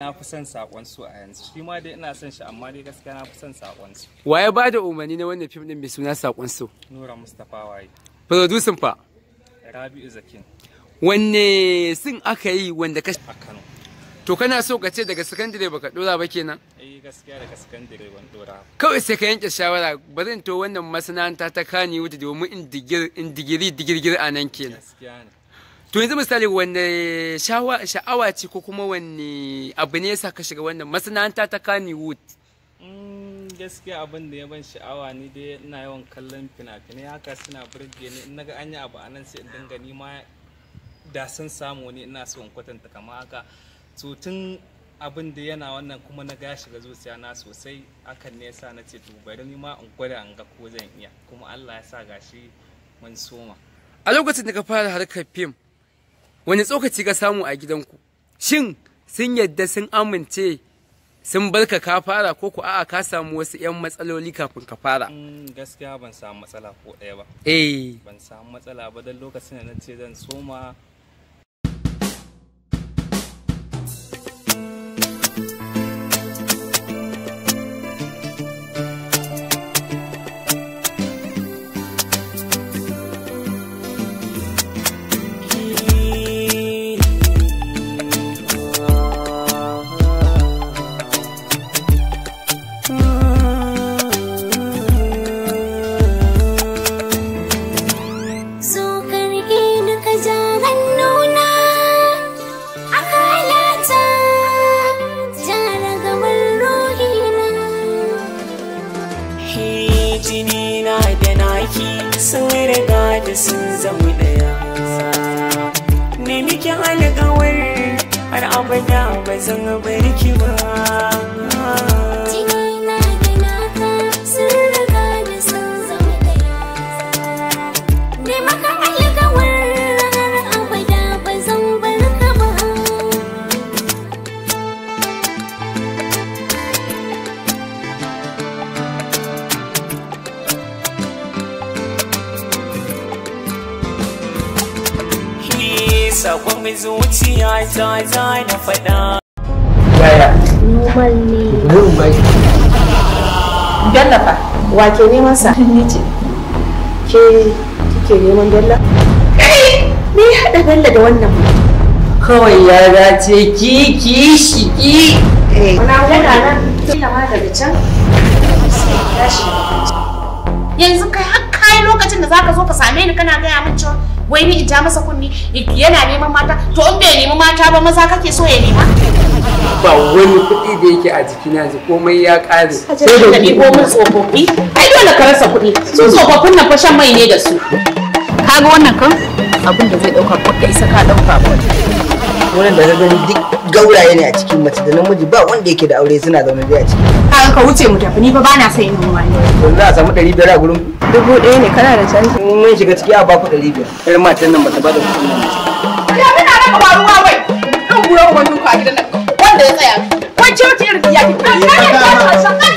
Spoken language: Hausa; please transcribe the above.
na fi son saƙon su a yanzu shi ma dai ina son shi amma dai gaskiya na fi son saƙon su waye ba da umarni na wannan fim din mai suna saƙon su nura Mustapha waye producin fa rabi'u zakin wanne sun aka yi wanda ka a kano to kana so ka ce daga sakandare baka dora ba kenan eh gaskiya daga sakandare ban dora kawai sai ka yanke shawara ba zan to wannan masana'anta ta kani wuta domin in digiri digirgir a nan kenan gaskiya ne to yanzu misali wanne sha'awa ce ko kuma wanne abu ne yasa ka shiga wannan masana'anta ta Kannywood mm, gaskiya abin da ya ban sha'awa ni dai ina yawan kallon fina-finai haka suna burge ni in naga an yi abu anan sai in dinga ni ma da sun samu ne ina so in kwatanta kamar haka to tun abin da yana wannan kuma na ga shiga zuciya na sosai hakan ne yasa na ce to bari ni ma in gwada in ga ko zan iya kuma Allah ya sa gashi mun soma a lokacin da ka fara harkar fim wani tsokaci ka samu a gidanku shin sun yadda sun amince sun barka ka fara ko ku a'a ka samu wasu 'yan matsaloli kafin ka fara mm, gaskiya ban samu matsala ko ɗaya ba eh ban samu matsala ba don lokacin da na ce zan soma jini na da naki sun riga da sun zama daya ne miki alƙawar har abada ba zan barki ba sakon zuciya ta za na faɗa. Yaya? Normal ne. yau ba shi. wa ke neman sa? Ni ce. Ke kike neman Bello? Kai! Me ya haɗa Bello da wannan mutum? Kawai ya dace ki ki shi ki. Eh, wani abu yana nan kila ma daga can. Yanzu kai har kai lokacin da zaka zo ka same ni kana gaya min cewa wai ni in ja masa kunni yana neman mata to in bai nemi mata ba maza kake so ya nema ba wani kuɗi da yake a jikin yanzu komai ya ƙare sai da kuɗi ko mun tsofaffi ai dole ka rasa kuɗi su tsofaffin nan shan mai ne da su kaga wannan kan abin da zai ɗauka ko isa ka ɗauka ba wurin da gani duk gauraye ne a cikin mace da namiji ba wanda yake da aure suna zaune dai a ciki kaga ka wuce mu tafi ni fa bana son yin wani to a samu biyar a gurin dubu ɗaya ne kana da canji mun shiga ciki a baku 500 irin matan nan ba ta da kuɗi ya muna raka ba ruwa wai dan gura uban duka a gidan nan wanda ya tsaya wai ce wace biya ki ka ka ka